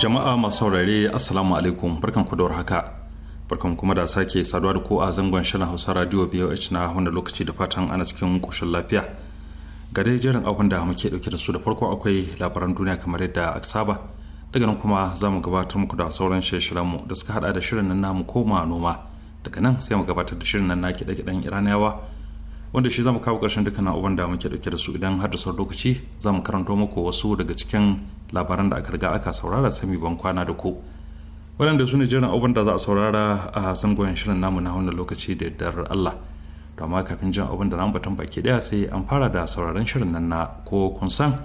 jama'a masu saurare assalamu alaikum barkan ku dawar haka barkan kuma da sake saduwa da ku a zangon shirin hausa radio voh na wanda lokaci da fatan ana cikin koshin lafiya ga dai jerin abin da muke dauke da su da farko akwai labaran duniya kamar yadda aka saba daga nan kuma za mu gabatar muku da sauran shirye mu da suka hada da shirin nan namu koma noma daga nan sai mu gabatar da shirin nan na kiɗe-kiɗen iraniyawa wanda shi za mu kawo ƙarshen dukkanin abubuwan da muke dauke da su idan har da sauran lokaci mu karanto muku wasu daga cikin labaran da aka riga aka saurara sami ban kwana da ku waɗanda su ne jiran abin da za a saurara a hasan goyon shirin namu na wannan lokaci da yardar Allah to amma kafin jin abin da na batan baki daya sai an fara da sauraron shirin nan na ko kun san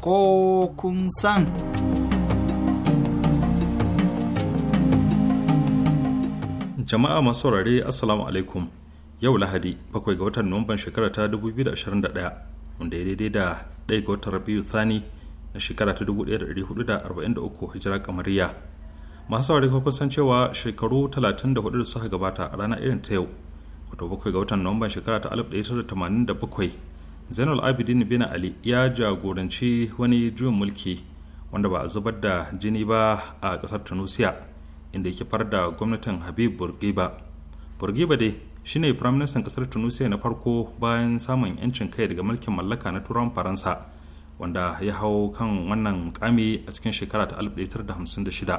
ko kun san jama'a masu saurare assalamu alaikum yau lahadi bakwai ga watan nuwamban shekara ta 2021 wanda ya daidai da ɗaya ga watan rabiu thani na shekara ta 1443 hijira kamariya masu saurari kuma san cewa shekaru 34 da suka gabata a ranar irin ta yau wato bakwai ga watan nuwamban shekara ta 1987 zainal abidin bin ali ya jagoranci wani juyin mulki wanda ba a zubar da jini ba a ƙasar tunisia inda ya kifar da gwamnatin habib burgiba burgiba dai shine firaministan kasar tunisia na farko bayan samun 'yancin kai daga mulkin mallaka na turan faransa wanda ya hau kan wannan mukami a cikin shekara ta 1956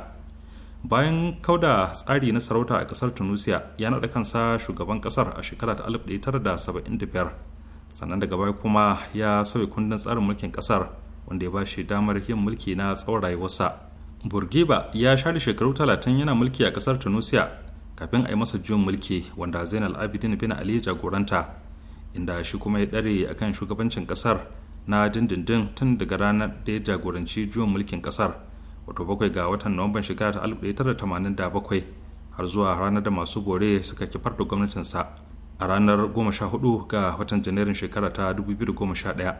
bayan kauda tsari na sarauta a kasar tunisia ya naɗa kansa shugaban kasar a shekara ta 1975 sannan daga baya kuma ya sauya kundin tsarin mulkin kasar wanda ya ba shi damar yin mulki na tsawon rayuwarsa burgiba ya share shekaru 30 yana mulki a kasar tunisia kafin a yi masa juyin mulki wanda zainal abidin bin ali jagoranta inda shi kuma ya dare akan shugabancin kasar na dindindin tun daga ranar da ya jagoranci juyin mulkin kasar wato bakwai ga watan nuwamban shekara ta 1987 har zuwa ranar da masu bore suka kifar da gwamnatinsa a ranar hudu ga watan janairun shekara ta daya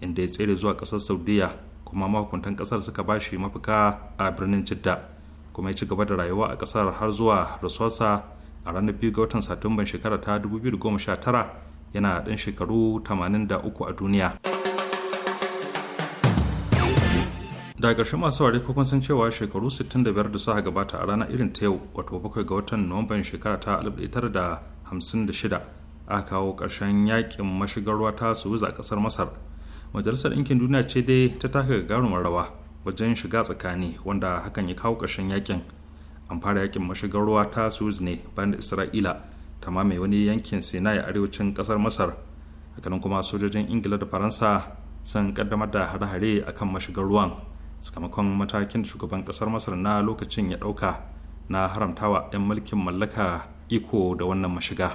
inda ya tsere zuwa kasar saudiya kuma mahukuntan kasar suka bashi mafaka a birnin jidda kuma ya ci gaba da rayuwa a kasar har zuwa rasuwarsa a ranar biyu ga watan satumban shekara ta 2019 yana ɗan shekaru 83 a duniya da ƙarshen masu ware ko san cewa shekaru 65 da suka gabata a ranar irin ta yau wato bakwai ga watan nuwamban shekara ta 1956 a kawo ƙarshen yakin mashigar ruwa ta suwiza a ƙasar masar majalisar ɗinkin duniya ce dai ta taka gagarumar rawa wajen shiga tsakani wanda hakan ya kawo ƙarshen yakin an fara yakin mashigar ruwa ta suz ne bayan da isra'ila ta mamaye wani yankin sinai arewacin ƙasar masar hakanan kuma sojojin ingila da faransa sun kaddamar da hare-hare a kan mashigar ruwan sakamakon matakin da shugaban ƙasar masar na lokacin ya ɗauka na haramtawa 'yan mulkin mallaka iko da wannan mashiga.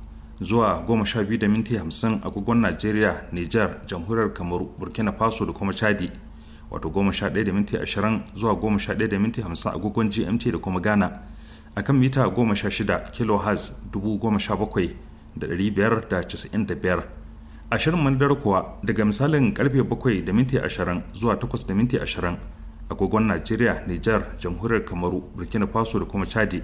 zuwa goma sha biyu da minti agogon najeriya niger jamhuriyar kamaru burkina faso da kuma chadi wato 11.20 sha ɗaya zuwa goma sha ɗaya da minti agogon gmt da kuma ghana akan mita goma sha shida kilohertz dubu goma sha bakwai da da da biyar ashirin mandar kuwa daga misalin karfe bakwai da minti ashirin zuwa takwas da minti agogon najeriya niger jamhuriyar kamaru burkina faso da kuma chadi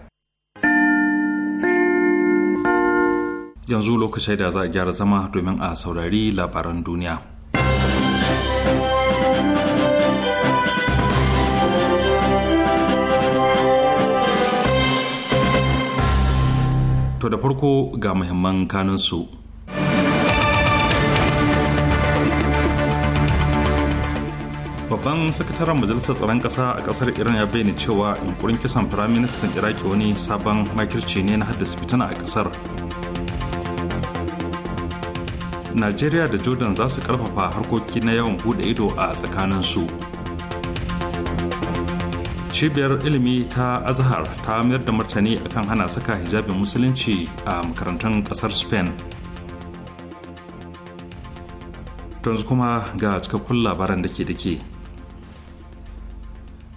yanzu lokacin da za a gyara zama domin a saurari labaran duniya to da farko ga muhimman kanunsu babban sakataren majalisar tsaron ƙasa a ƙasar iran ya bayyana cewa yunkurin kisan firaministan iraki wani sabon makirci ne na haddasa fitina a ƙasar najeriya da jordan za su karfafa harkoki na yawan bude ido a tsakanin su cibiyar ilimi ta azhar ta mayar da martani akan hana saka hijabin musulunci a makarantun kasar spain yanzu kuma ga cikakkun labaran da ke dake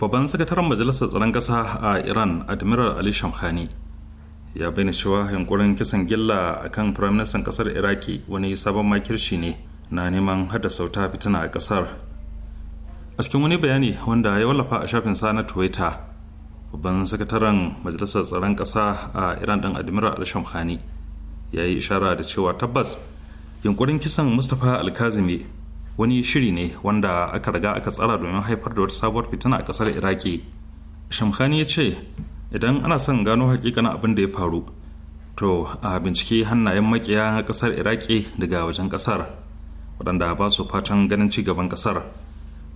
babban sakataren majalisar tsaron ƙasa a iran admiral ali shamkhani ya bayyana cewa yankurin kisan gilla a kan firaministan kasar iraki wani sabon makirci ne na neman hada sauta fitina a kasar a cikin wani bayani wanda ya wallafa a shafin sa na twitter babban sakataren majalisar tsaron kasa a iran ɗan admiral al ya yi ishara da cewa tabbas yankurin kisan mustapha alkazimi wani shiri ne wanda aka riga aka tsara domin haifar da wata sabuwar fitina a kasar iraki Shamhani ya ce idan ana son gano hakikanin abin da ya faru to a bincike hannayen makiya na kasar iraki daga wajen kasar waɗanda ba su fatan ganin ci gaban kasar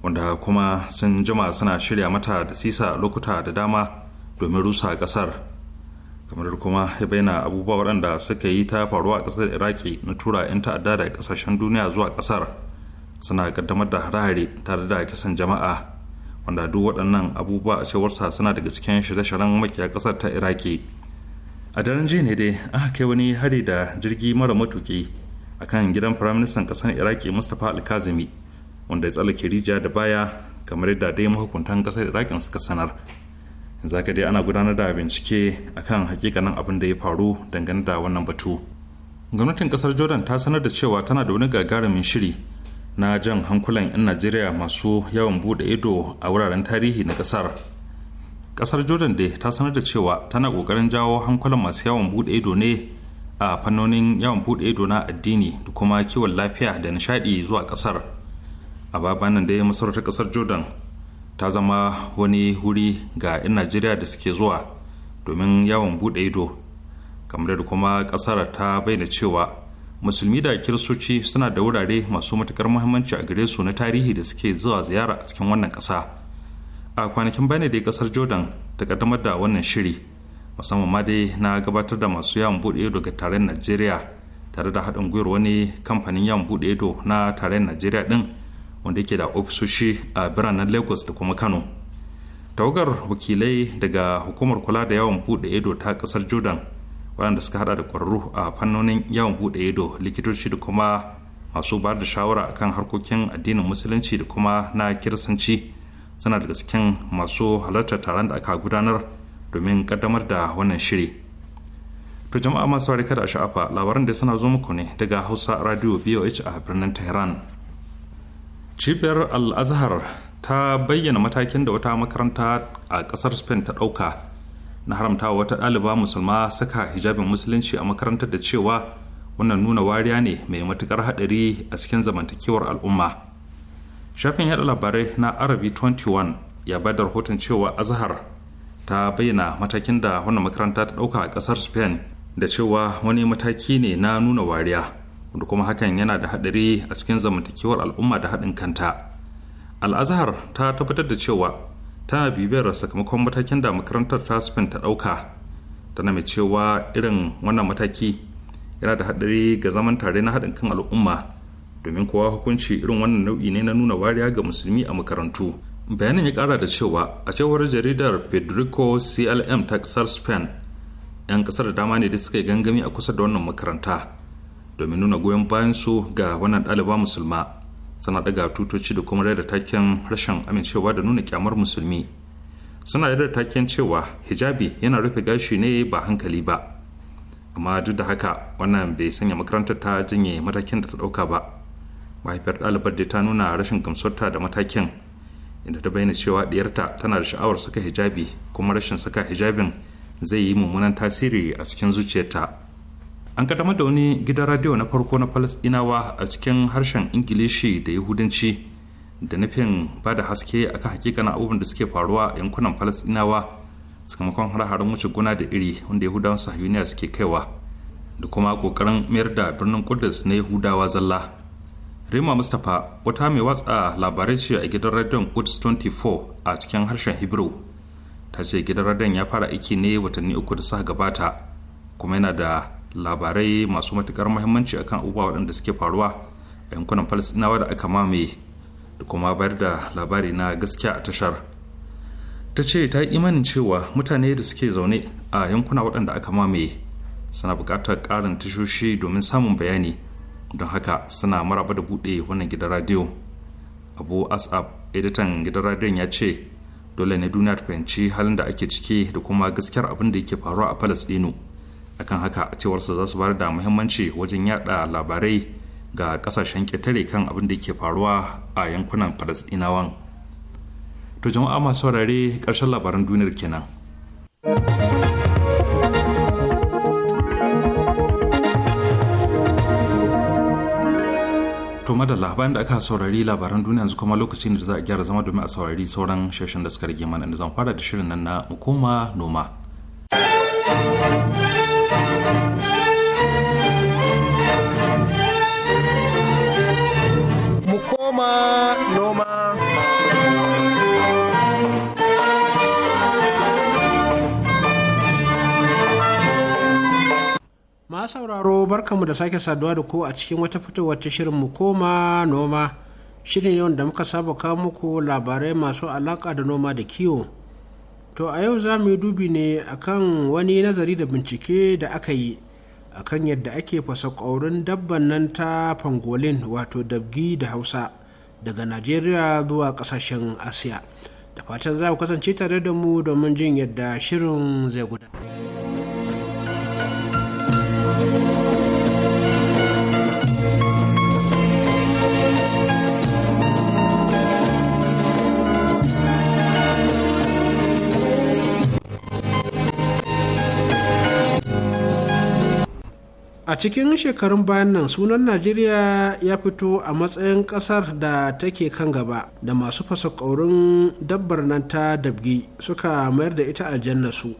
wanda kuma sun jima suna shirya mata da sisa lokuta da dama domin rusa kasar kamar kuma ya bayyana abubuwa waɗanda suka yi ta faruwa a ƙasar iraki na tura 'yan ta'adda da ƙasashen duniya zuwa ƙasar suna ƙaddamar da hare-hare tare da kisan jama'a wanda duk waɗannan abubuwa a cewarsa suna daga cikin shirye-shiryen makiya ƙasar ta iraki a daren jiya ne dai aka kai wani hari da jirgi mara matuƙi a kan gidan firaministan ƙasar iraki mustapha alkazimi wanda ya tsallake rijiya da baya kamar yadda dai mahukuntan ƙasar iraki suka sanar zaka dai ana gudanar da bincike akan hakikanin abin da ya faru dangane da wannan batu gwamnatin ƙasar jordan ta sanar da cewa tana da wani gagarumin shiri na jan hankulan 'yan najeriya masu yawan bude ido a wuraren tarihi na kasar kasar jordan dai ta sanar da cewa tana kokarin jawo hankulan masu yawan bude ido ne a fannonin yawan bude ido na addini da kuma kiwon lafiya da nishadi zuwa kasar a babanan dai masarautar kasar jordan ta zama wani wuri ga 'yan najeriya da suke zuwa domin yawon bude ido kamar da kuma kasar ta bayyana cewa musulmi da kiristoci suna da wurare masu matukar muhimmanci a gare su na tarihi da suke zuwa ziyara a cikin wannan ƙasa a kwanakin bane dai kasar jordan ta kaddamar da wannan shiri musamman ma dai na gabatar da masu yawon buɗe ido ga tarayyar najeriya tare da haɗin gwiwar wani kamfanin yawon buɗe ido na tarayyar najeriya din wanda yake da ofisoshi a biranen lagos da kuma kano tawagar wakilai daga hukumar kula da yawon buɗe ido ta ƙasar jordan waɗanda suka hada da ƙwararru a fannonin yawon buɗe ido likitoci da kuma masu bayar da shawara a kan harkokin addinin musulunci da kuma na kirsanci suna daga cikin masu halartar taron da aka gudanar domin kaddamar da wannan shiri to jama'a masu warika da sha'afa labaran da suna zo muku ne daga hausa radio boh a birnin tehran cibiyar al ta bayyana matakin da wata makaranta a kasar spain ta ɗauka na haramtawa wata ɗaliba musulma saka hijabin musulunci a makarantar da cewa wannan nuna wariya ne mai matukar haɗari a cikin zamantakewar al'umma shafin yaɗa labarai na arabi 21 ya bada rahoton cewa Azahar ta bayyana matakin da wannan makaranta ta ɗauka a ƙasar spain da cewa wani mataki ne na nuna wariya wanda kuma hakan yana da haɗari a cikin zamantakewar al'umma da haɗin kanta Al'Azahar ta tabbatar da cewa ta bibiyar sakamakon matakin da makarantar ta spain ta ɗauka tana mai cewa irin wannan mataki yana da haɗari ga zaman tare na haɗin kan al'umma domin kowa hukunci irin wannan nau'i ne na nuna wariya ga musulmi a makarantu bayanin ya kara da cewa a cewar jaridar pedrico clm ta kasar spain 'yan ƙasar da dama ne da suka yi gangami a kusa da wannan makaranta domin nuna goyon bayan su ga wannan ɗaliba musulma suna daga tutoci da kuma da taken rashin amincewa da nuna kyamar musulmi suna da taken cewa hijabi yana rufe gashi ne ba hankali ba amma duk da haka wannan bai sanya makarantar ta jinye matakin da ta ɗauka ba mahaifiyar ɗalibar da ta nuna rashin gamsarta da matakin inda ta bayyana cewa ɗiyarta tana da sha'awar saka hijabi kuma rashin saka hijabin zai yi mummunan tasiri a cikin zuciyarta an kaddamar da wani gidan radio na farko na palestinawa a cikin harshen ingilishi da yahudanci da nufin ba da haske akan hakikanin abubuwan da suke faruwa a yankunan palestinawa sakamakon har wuce gona da iri wanda yahudawan sahiyuniya suke kaiwa da kuma kokarin mayar da birnin kudus na yahudawa zalla rima mustapha wata mai watsa labarai ce a gidan radion kudus 24 a cikin harshen hebrew ta ce gidan radio ya fara aiki ne watanni uku da suka gabata kuma yana da labarai masu matukar muhimmanci akan abubuwa waɗanda suke faruwa a yankunan falasɗinawa da aka mamaye da kuma bayar da labari na gaskiya a tashar ta ce ta yi imanin cewa mutane da suke zaune a yankuna waɗanda aka mamaye suna buƙatar ƙarin tashoshi domin samun bayani don haka suna maraba da buɗe wannan gidan radiyo abu asab editan gidan radiyon ya ce dole ne duniya ta fahimci halin da ake ciki da kuma gaskiyar abin da yake faruwa a falasɗinu akan haka a sa za su bayar da muhimmanci wajen yada labarai ga kasashen ƙetare kan abin da ke faruwa a yankunan falasɗinawan to jama'a masu saurare ƙarshen labaran duniyar kenan to madalla bayan da aka saurari labaran duniya yanzu kuma lokacin da za a gyara zama domin a saurari sauran shirshen da suka rage mana zan fara da shirin nan na mu koma noma sauraro barkamu da sake saduwa da ku a cikin wata fitowa ta shirin mu koma noma shirin ne wanda muka saba kawo muku labarai masu alaka da noma da kiwo to a yau za mu yi dubi ne akan wani nazari da bincike da aka yi akan yadda ake fasa ƙaurin dabban nan ta pangolin wato dabgi da hausa daga najeriya zuwa kasashen asiya da fatan za ku kasance tare da mu domin jin yadda shirin zai gudana a cikin shekarun bayan nan sunan najeriya ya fito a matsayin kasar da take kan gaba da masu fasa dabbar nan ta dabgi suka mayar da ita aljanna su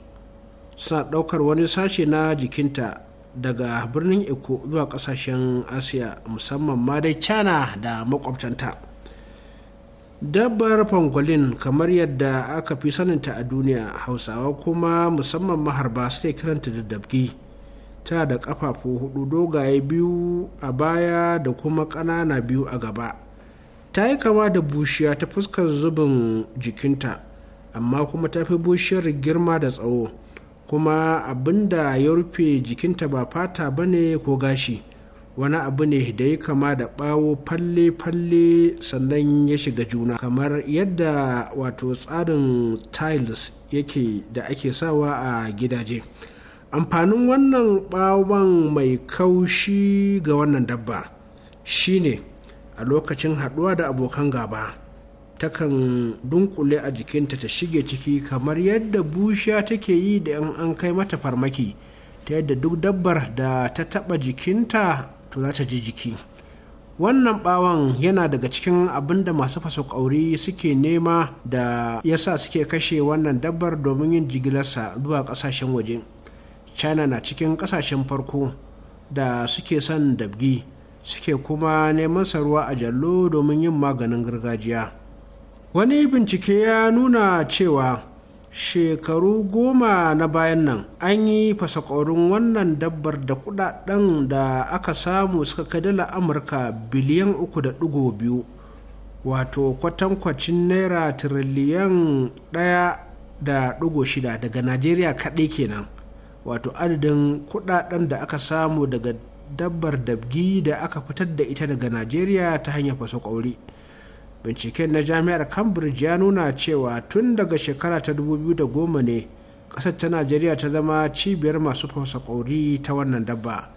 suna ɗaukar wani sashe na jikinta daga birnin eko zuwa ƙasashen asiya musamman ma dai china da makwabtanta dabbar pangolin kamar yadda aka fi saninta a duniya hausawa kuma musamman maharba suke kiranta da dabgi ta da ƙafafu hudu dogaye biyu a baya da kuma ƙanana biyu a gaba ta yi kama da bushiya ta fuskar zubin jikinta amma kuma ta fi bushiyar girma da tsawo kuma abin da ya rufe jikinta ba fata ba ne ko gashi wani abu ne da ya kama da ɓawo falle-falle sannan ya shiga juna kamar yadda wato tsarin tiles yake da ake sawa a gidaje. amfanin wannan ɓawon mai kaushi ga wannan dabba shine a lokacin haɗuwa da abokan gaba takan dunkule a jikinta ta shige ciki kamar yadda bushiya take yi da an kai mata farmaki ta yadda duk dabbar da ta taɓa jikinta to za ta ji jiki wannan bawan yana daga cikin abin da masu fasa ƙauri suke nema da yasa suke kashe wannan dabbar domin yin jigilarsa zuwa ƙasashen waje china na cikin kasashen farko da suke son dabgi suke kuma neman saruwa a jallo domin yin maganin gargajiya wani bincike ya nuna cewa shekaru goma na bayan nan an yi fasakorin wannan dabbar da kudaden da aka samu suka kai dala amurka biliyan uku da dugo biyu wato kwatankwacin naira tiriliyan daya da dugo shida daga najeriya kaɗai kenan wato adadin kudaden da aka samu daga dabbar dabgi da aka fitar da ita daga najeriya ta hanyar faso kwauri binciken na jami'ar cambridge ya nuna cewa tun daga shekara ta 2010 ne ƙasar ta najeriya ta zama cibiyar masu fasa kwauri ta wannan dabba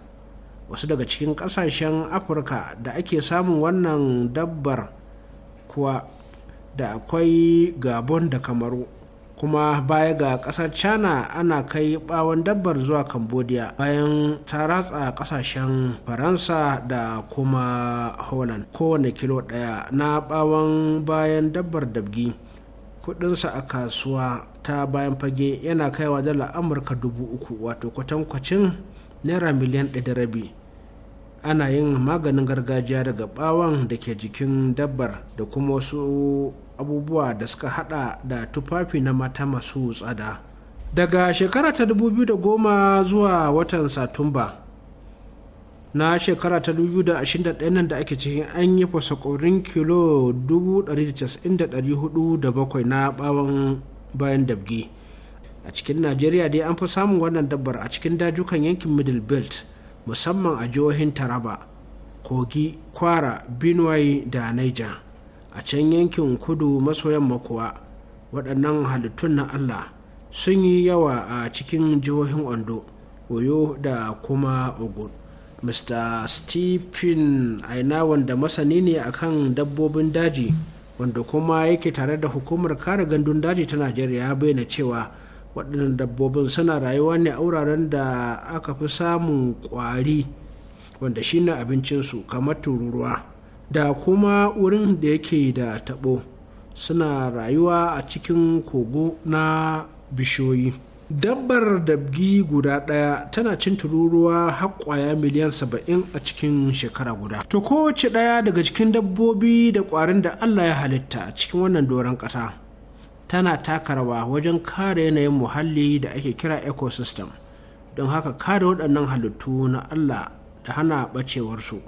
wasu daga cikin ƙasashen afirka da ake samun wannan dabbar kuwa da akwai gabon da kamaru kuma baya ga kasar china ana kai bawon dabbar zuwa cambodia bayan ta ratsa kasashen faransa da kuma holland kowane kilo daya na bawon bayan dabbar dabgi kudinsa a kasuwa ta bayan fage yana kaiwa dala amurka dubu uku wato kwatankwacin naira miliyan ɗaya rabi ana yin maganin gargajiya daga bawon da ke jikin dabbar da kuma wasu abubuwa da suka hada da tufafi na mata masu tsada daga shekara ta 2010 zuwa watan satumba na shekara ta 2021 nan da ake cikin an yi fasakorin kilo 190,407 na bawon bayan dabge a cikin najeriya dai an fi samun wannan dabbar a cikin dajukan yankin middle belt musamman a jihohin taraba kogi kwara benue da niger a can yankin kudu maso yamma kuwa waɗannan halittun na allah sun yi yawa a cikin jihohin ondo oyo da kuma ogun mr stephen aina wanda masani ne akan dabbobin daji wanda kuma yake tare da hukumar kare gandun daji ta najeriya ya bayyana cewa waɗannan dabbobin suna rayuwa ne a wuraren da aka fi samun ƙwari wanda shine su kamar tururuwa da kuma wurin da yake da taɓo suna rayuwa a cikin kogo na bishiyoyi dabbar dabgi guda ɗaya tana cin tururuwa har ƙwaya miliyan saba'in a cikin shekara guda to kowace ɗaya daga cikin dabbobi da ƙwarin da allah ya halitta a cikin wannan doron ƙasa tana taka rawa wajen kare yanayin muhalli da ake kira ecosystem don haka kare waɗannan halittu na allah da hana ɓacewarsu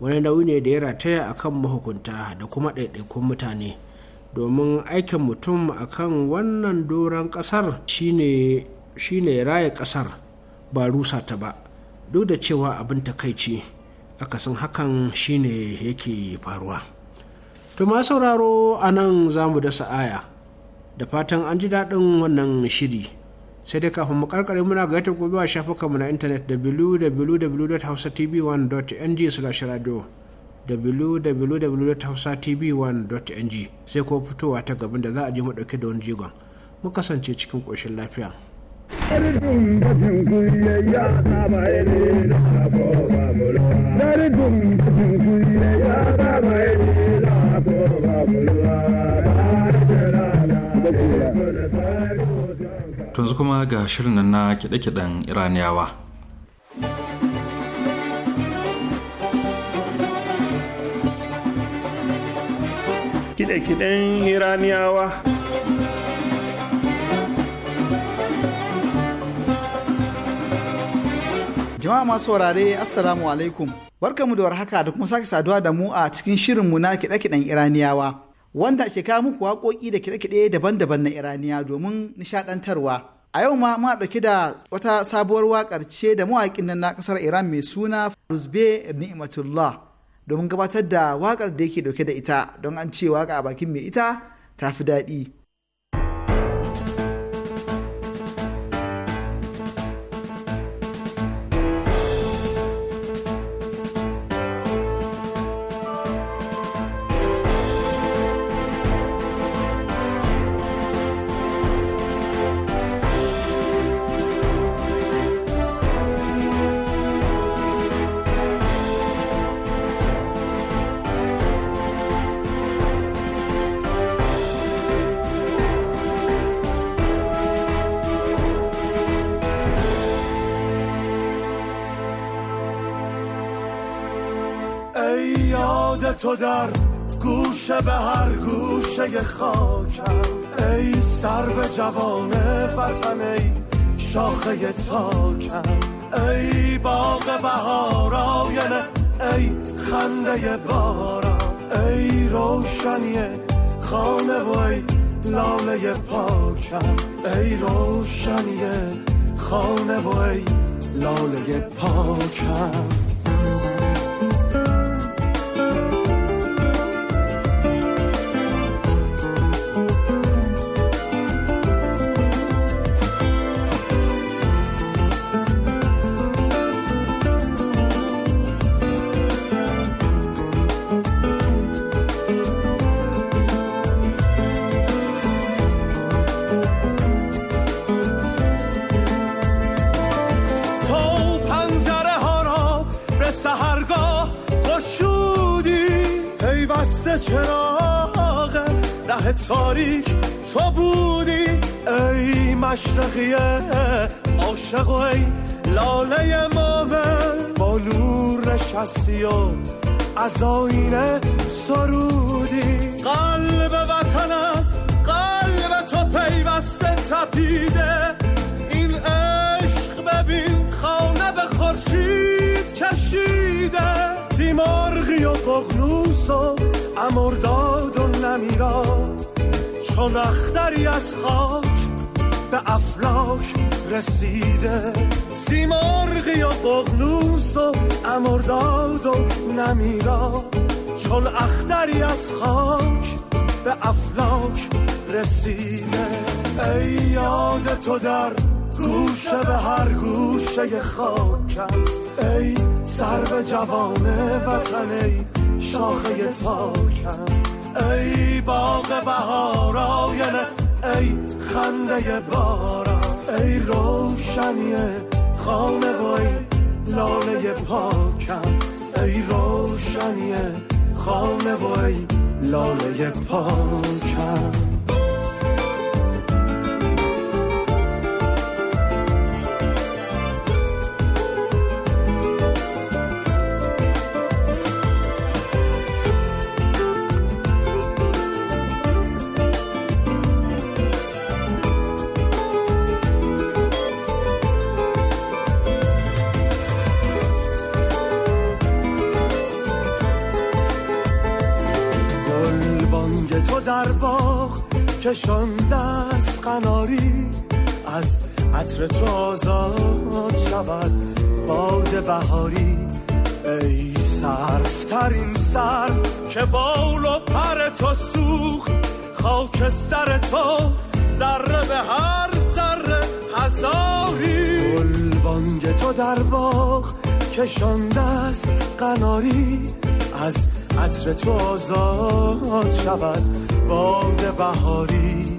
wani nauyi ne da ya rataya a kan mahukunta da kuma ɗaiɗaikun mutane domin aikin mutum a kan wannan doron ƙasar shine raya ƙasar ba rusa ta ba duk da cewa abin takaici akasin hakan shine yake faruwa to ma sauraro a nan za mu dasa aya da fatan an ji daɗin wannan shiri sai dai kafin mu karkare muna ga ta gobe a mu na intanet www.hausatv1.ng/radio slash www.hausatv1.ng sai ko fitowa ta gabin da za a je mu dauke da wani jigon mu kasance cikin koshin lafiya Thank you. yanzu kuma ga shirin nan na kiɗe-kiɗen iraniyawa kiɗe-kiɗen iraniyawa jama'a masu saurare assalamu alaikum barkamu da warhaka da kuma sake saduwa da mu a cikin shirinmu na kiɗe-kiɗen iraniyawa wanda ke kawo muku waƙoƙi da kiɗe-kiɗe daban-daban na iraniya domin nishaɗantarwa a yau ma muna ɗauki da wata sabuwar waƙar ce da mawaƙin nan na ƙasar iran mai suna ruzbe ni'matullah domin gabatar da waƙar da yake ɗauke da ita don an ce waƙa a bakin mai ita ta fi daɗi تو در گوشه به هر گوشه خاکم ای سر به جوان وطن ای شاخه تاکم ای باغ بهار آینه ای خنده بارا ای روشنی خانه و ای لاله پاکم ای روشنی خانه و ای لاله پاکم تاریک تو بودی ای مشرقیه عاشق و ای لاله ماوه با نور نشستی و از آینه سرودی قلب وطن است قلب تو پیوسته تپیده این عشق ببین خانه به خورشید کشیده مرغی و ققنوس و امرداد و نمیرا چون اختری از خاک به افلاک رسیده سیمرغی و ققنوس و امرداد و نمیرا چون اختری از خاک به افلاک رسیده ای یاد تو در گوشه به هر گوشه خاکم ای سر به جوان وطن ای شاخه تاکم ای باغ بهار آینه ای خنده بارا ای روشنی خانه و ای لاله پاکم ای روشنی خانه و لاله پاکم بهاری ای صرفترین صرف که باول و پر تو سوخت خاکستر تو ذره به هر ذره هزاری گلبانگ تو در باغ کشانده است قناری از عطر تو آزاد شود باد بهاری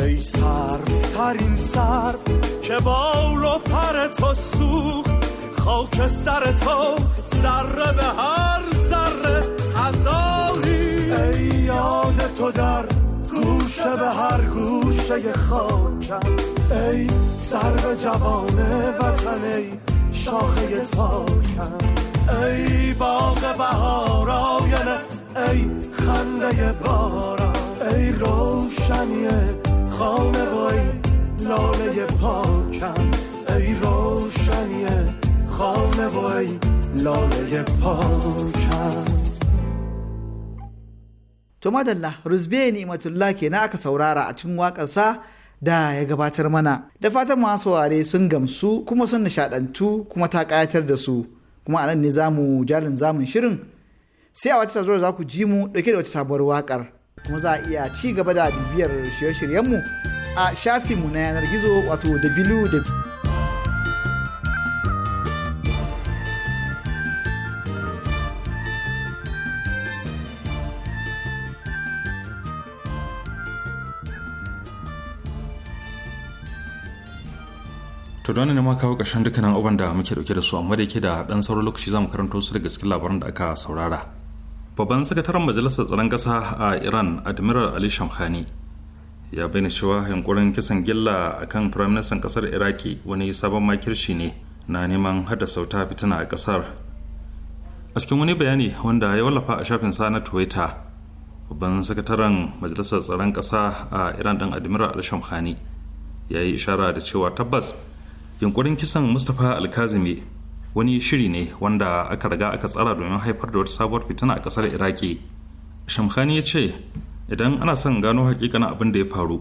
ای صرف ترین صرف که باول و پر تو سوخت خاک سر تو سر به هر ذره هزاری ای یاد تو در گوشه به هر گوشه خاکم ای سر به جوانه وطن ای شاخه تاکم ای باغ بهار آینه ای خنده بارم ای روشنی خانه و ای لاله پاکم ای روشنی خانه وای لاله پاکم to madalla rusbe ni'matullah na aka saurara a cikin waƙarsa da ya gabatar mana da fatan masu saurare sun gamsu kuma sun nishadantu kuma ta ƙayatar da su kuma anan ne zamu jalin zamun shirin sai a wata sazuwar za ku ji mu ɗauke da wata sabuwar waƙar kuma za a iya ci gaba da bibiyar shirye-shiryenmu a shafinmu na yanar gizo wato da bilu da to don ne ma kawo ƙarshen dukkanin abubuwan da muke dauke da su amma da yake da dan sauran lokaci zamu karanto su da cikin labaran da aka saurara babban sakataren majalisar tsaron kasa a iran admiral ali shamkhani ya bayyana cewa yankurin kisan gilla a kan firaministan ƙasar iraki wani sabon makirci ne na neman hada sauta fitina a ƙasar a cikin wani bayani wanda ya wallafa a shafin sa na twitter babban sakataren majalisar tsaron kasa a iran ɗin admiral ali shamkhani ya yi ishara da cewa tabbas yunkurin kisan mustapha alkazimi wani shiri ne wanda aka riga aka tsara domin haifar da wata sabuwar fitina a kasar iraki shamkhani ya ce idan ana son gano hakikanin abin da ya faru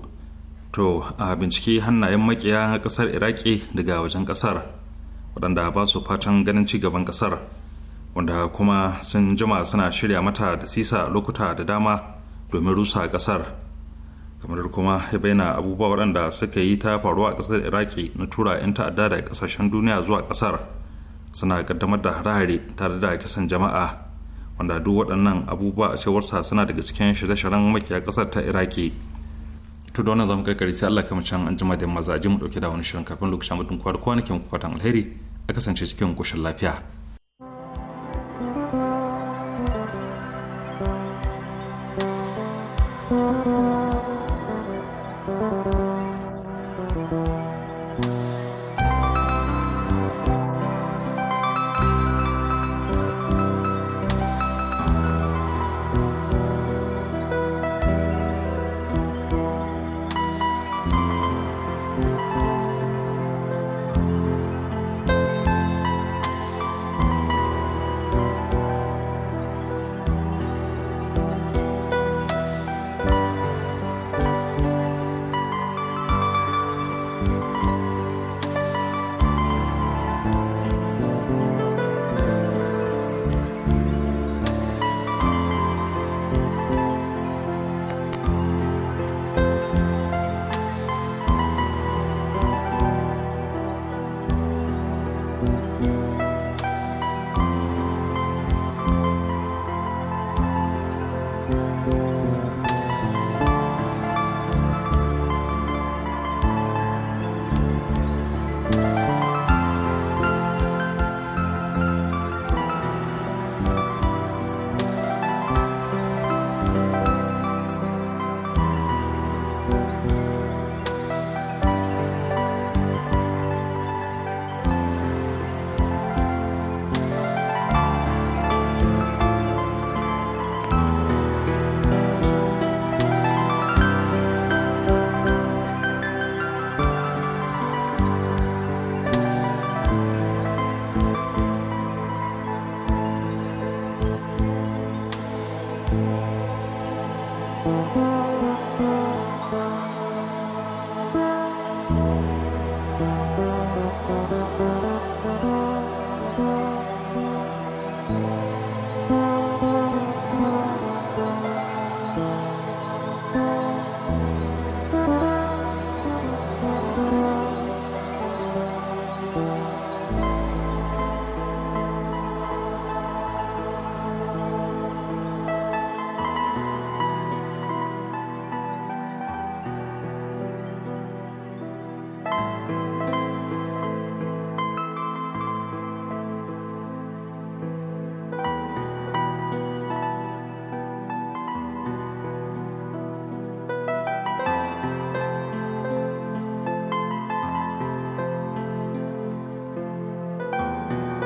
to a bincike hannayen makiya kasar iraki daga wajen kasar waɗanda ba su fatan ganin ci gaban kasar wanda kuma sun jima suna shirya mata da sisa lokuta da dama domin rusa kasar kamar kuma ya bayyana abubuwa waɗanda suka yi ta faruwa a ƙasar iraki na tura 'yan ta'adda da ƙasashen duniya zuwa ƙasar suna kaddamar da harare tare da kisan jama'a wanda duk waɗannan abubuwa a cewarsa suna daga cikin shirye-shiryen makiya ƙasar ta iraki to da wannan zamu karkare sai Allah kamar can an jima da mazaji mu dauke da wani shirin kafin lokacin mutum kwa da kwanakin kwatan alheri a kasance cikin kushin lafiya thank you